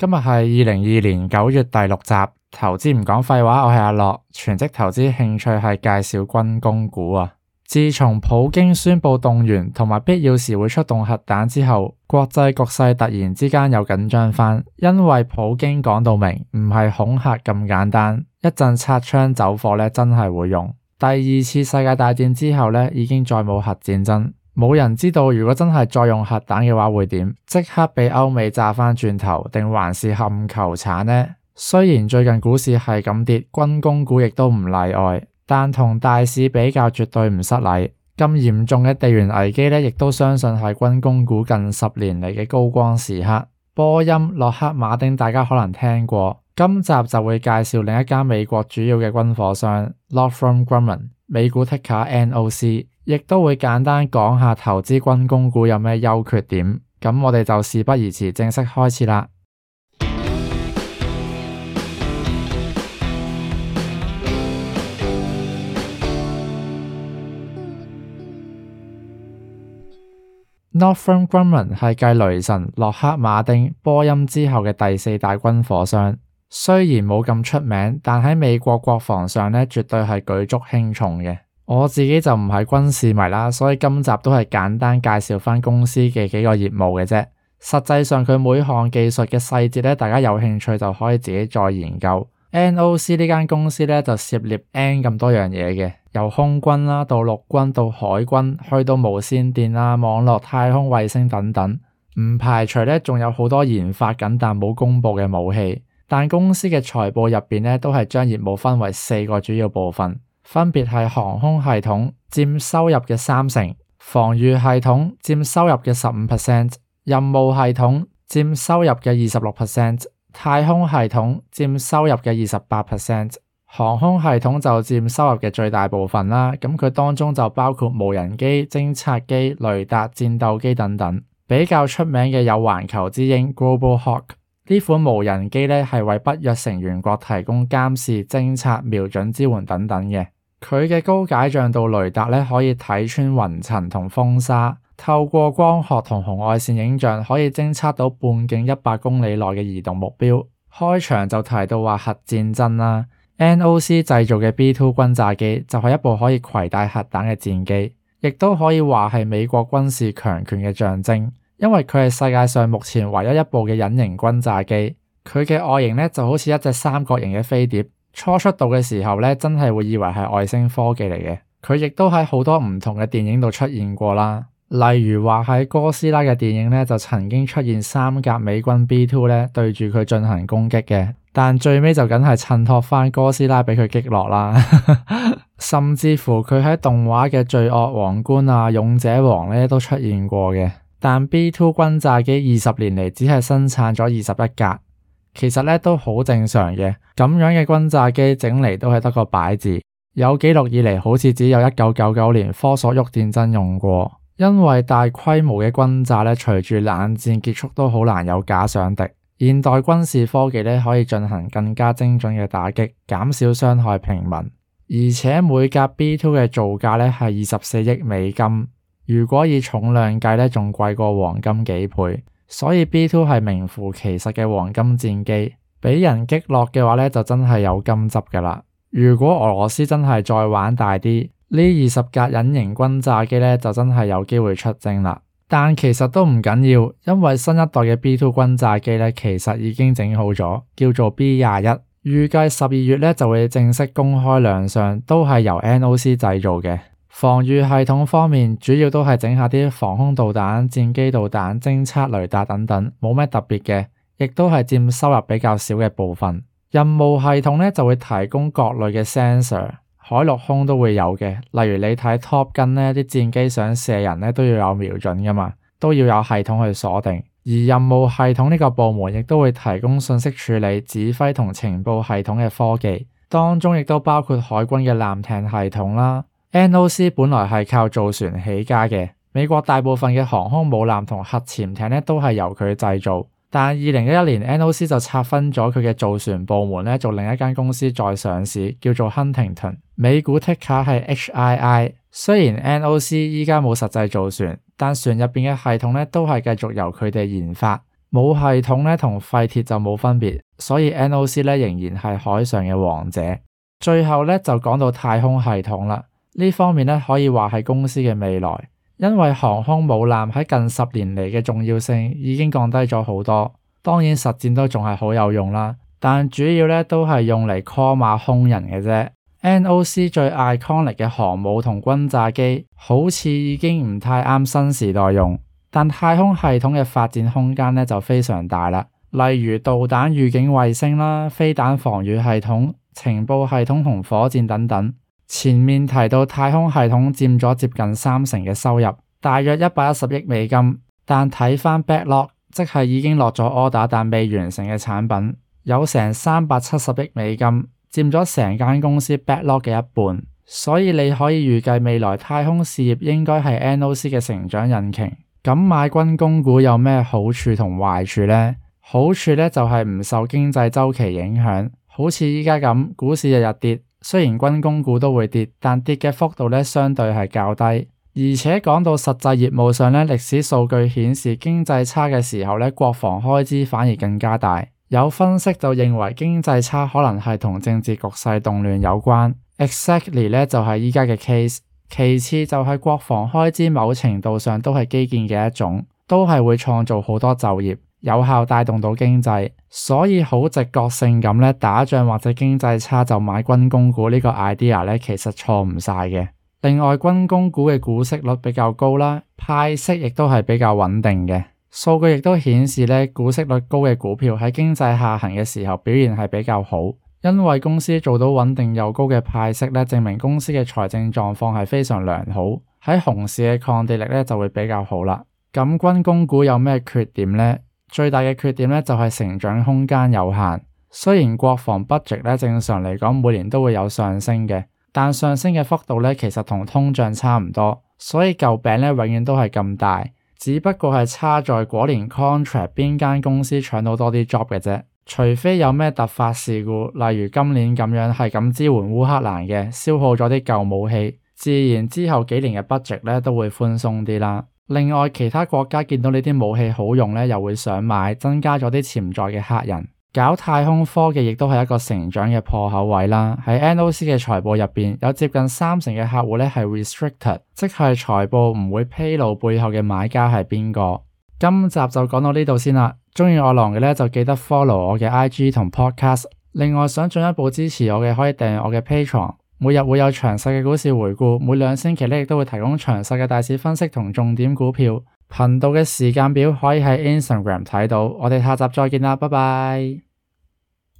今日係二零二二年九月第六集，投資唔講廢話，我係阿樂，全職投資興趣係介紹軍工股啊。自從普京宣佈動員同埋必要時會出動核彈之後，國際局勢突然之間又緊張翻，因為普京講到明，唔係恐嚇咁簡單，一陣擦槍走火呢，真係會用。第二次世界大戰之後呢，已經再冇核戰爭。冇人知道，如果真係再用核彈嘅話會點？即刻畀歐美炸翻轉頭，定還是冚球剷呢？雖然最近股市係咁跌，軍工股亦都唔例外，但同大市比較絕對唔失禮。咁嚴重嘅地緣危機呢，亦都相信係軍工股近十年嚟嘅高光時刻。波音、洛克馬丁，大家可能聽過。今集就會介紹另一間美國主要嘅軍火商 ——Northrop Grumman。美股 Ticker NOC。亦都會簡單講下投資軍工股有咩優缺點。咁我哋就事不宜遲，正式開始啦。 Northrop Grumman 係繼雷神、洛克馬丁、波音之後嘅第四大軍火商。雖然冇咁出名，但喺美國國防上呢，絕對係舉足輕重嘅。我自己就唔係軍事迷啦，所以今集都係簡單介紹返公司嘅幾個業務嘅啫。實際上佢每項技術嘅細節咧，大家有興趣就可以自己再研究。NOC 呢間公司咧就涉獵 N 咁多樣嘢嘅，由空軍啦、啊、到陸軍到海軍，去到無線電啦、啊、網絡、太空、衛星等等，唔排除咧仲有好多研發緊但冇公佈嘅武器。但公司嘅財報入邊咧都係將業務分為四個主要部分。分別係航空系統占收入嘅三成，防御系統占收入嘅十五 percent，任務系統占收入嘅二十六 percent，太空系統占收入嘅二十八 percent。航空系統就占收入嘅最大部分啦。咁佢當中就包括無人機、偵察機、雷達、戰鬥機等等。比較出名嘅有環球之鷹 （Global Hawk） 呢款無人機咧，係為北約成員國提供監視、偵察、瞄準支援等等嘅。佢嘅高解像度雷達呢，可以睇穿雲層同風沙，透過光學同紅外線影像，可以偵測到半徑一百公里內嘅移動目標。開場就提到話核戰爭啦，NOC 製造嘅 B2 轟炸機就係一部可以攜帶核彈嘅戰機，亦都可以話係美國軍事強權嘅象徵，因為佢係世界上目前唯一一部嘅隱形轟炸機。佢嘅外形呢，就好似一隻三角形嘅飛碟。初出道嘅時候咧，真係會以為係外星科技嚟嘅。佢亦都喺好多唔同嘅電影度出現過啦，例如話喺哥斯拉嘅電影咧，就曾經出現三架美軍 B two 咧對住佢進行攻擊嘅。但最尾就梗係襯托翻哥斯拉畀佢擊落啦。 甚至乎佢喺動畫嘅《罪惡王冠》啊，《勇者王》咧都出現過嘅。但 B two 轟炸機二十年嚟，只係生產咗二十一架。其實咧都好正常嘅，咁樣嘅轟炸機整嚟都係得個擺字。有記錄以嚟，好似只有一九九九年科索沃戰爭用過。因為大規模嘅轟炸咧，隨住冷戰結束都好難有假想敵。現代軍事科技咧，可以進行更加精準嘅打擊，減少傷害平民。而且每架 B2 嘅造價咧係二十四億美金，如果以重量計咧，仲貴過黃金幾倍。所以 B2 係名副其實嘅黃金戰機，俾人擊落嘅話呢，就真係有金執噶啦。如果俄羅斯真係再玩大啲，呢二十架隱形轟炸機呢，就真係有機會出征啦。但其實都唔緊要，因為新一代嘅 B2 轟炸機呢，其實已經整好咗，叫做 B 21，預計十二月呢就會正式公開亮相，都係由 NOC 製造嘅。防禦系統方面，主要都係整下啲防空導彈、戰機導彈、偵測雷達等等，冇咩特別嘅，亦都係佔收入比較少嘅部分。任務系統咧就會提供各類嘅 sensor，海陸空都會有嘅，例如你睇 Top Gun 咧，啲戰機想射人咧，都要有瞄準㗎嘛，都要有系統去鎖定。而任務系統呢個部門亦都會提供信息處理、指揮同情報系統嘅科技，當中亦都包括海軍嘅艦艇系統啦。NOC 本來係靠造船起家嘅，美國大部分嘅航空母艦同核潛艇咧都係由佢製造。但二零一一年，NOC 就拆分咗佢嘅造船部門咧，做另一間公司再上市，叫做亨廷頓。美股 ticker 係 HII。雖然 NOC 依家冇實際造船，但船入邊嘅系統咧都係繼續由佢哋研發。冇系統咧同廢鐵就冇分別，所以 NOC 咧仍然係海上嘅王者。最後呢，就講到太空系統啦。呢方面咧可以話係公司嘅未來，因為航空母艦喺近十年嚟嘅重要性已經降低咗好多。當然實戰都仲係好有用啦，但主要咧都係用嚟跨馬空人嘅啫。NOC 最 iconic 嘅航母同轟炸機好似已經唔太啱新時代用，但太空系統嘅發展空間咧就非常大啦，例如導彈預警衛星啦、飛彈防禦系統、情報系統同火箭等等。前面提到太空系統佔咗接近三成嘅收入，大約一百一十億美金。但睇翻 backlog，即係已經落咗 order 但未完成嘅產品，有成三百七十億美金，佔咗成間公司 backlog 嘅一半。所以你可以預計未來太空事業應該係 NOC 嘅成長引擎。咁買軍工股有咩好處同壞處呢？好處咧就係唔受經濟周期影響，好似依家咁，股市日日跌。雖然軍工股都會跌，但跌嘅幅度呢，相對係較低。而且講到實際業務上呢，歷史數據顯示經濟差嘅時候呢，國防開支反而更加大。有分析就認為經濟差可能係同政治局勢動亂有關。Exactly 呢，就係而家嘅 case。其次就係國防開支某程度上都係基建嘅一種，都係會創造好多就業。有效帶動到經濟，所以好直覺性咁呢，打仗或者經濟差就買軍工股呢個 idea 呢，其實錯唔晒嘅。另外，軍工股嘅股息率比較高啦，派息亦都係比較穩定嘅。數據亦都顯示呢，股息率高嘅股票喺經濟下行嘅時候表現係比較好，因為公司做到穩定又高嘅派息呢，證明公司嘅財政狀況係非常良好，喺熊市嘅抗跌力呢就會比較好啦。咁軍工股有咩缺點呢？最大嘅缺點呢，就係成長空間有限。雖然國防 budget 呢正常嚟講每年都會有上升嘅，但上升嘅幅度呢，其實同通脹差唔多，所以舊餅呢，永遠都係咁大，只不過係差在嗰年 contract 邊間公司搶到多啲 job 嘅啫。除非有咩突發事故，例如今年咁樣係咁支援烏克蘭嘅，消耗咗啲舊武器，自然之後幾年嘅 budget 呢都會寬鬆啲啦。另外，其他國家見到呢啲武器好用呢，又會想買，增加咗啲潛在嘅客人。搞太空科技亦都係一個成長嘅破口位啦。喺 NOC 嘅財報入面，有接近三成嘅客戶咧係 restricted，即係財報唔會披露背後嘅買家係邊個。今集就講到呢度先啦。鍾意我狼嘅呢，就記得 follow 我嘅 IG 同 Podcast。另外，想進一步支持我嘅，可以訂我嘅 Patreon。每日會有詳細嘅股市回顧，每兩星期呢亦都會提供詳細嘅大市分析同重點股票。頻道嘅時間表可以喺 Instagram 睇到。我哋下集再見喇，拜拜！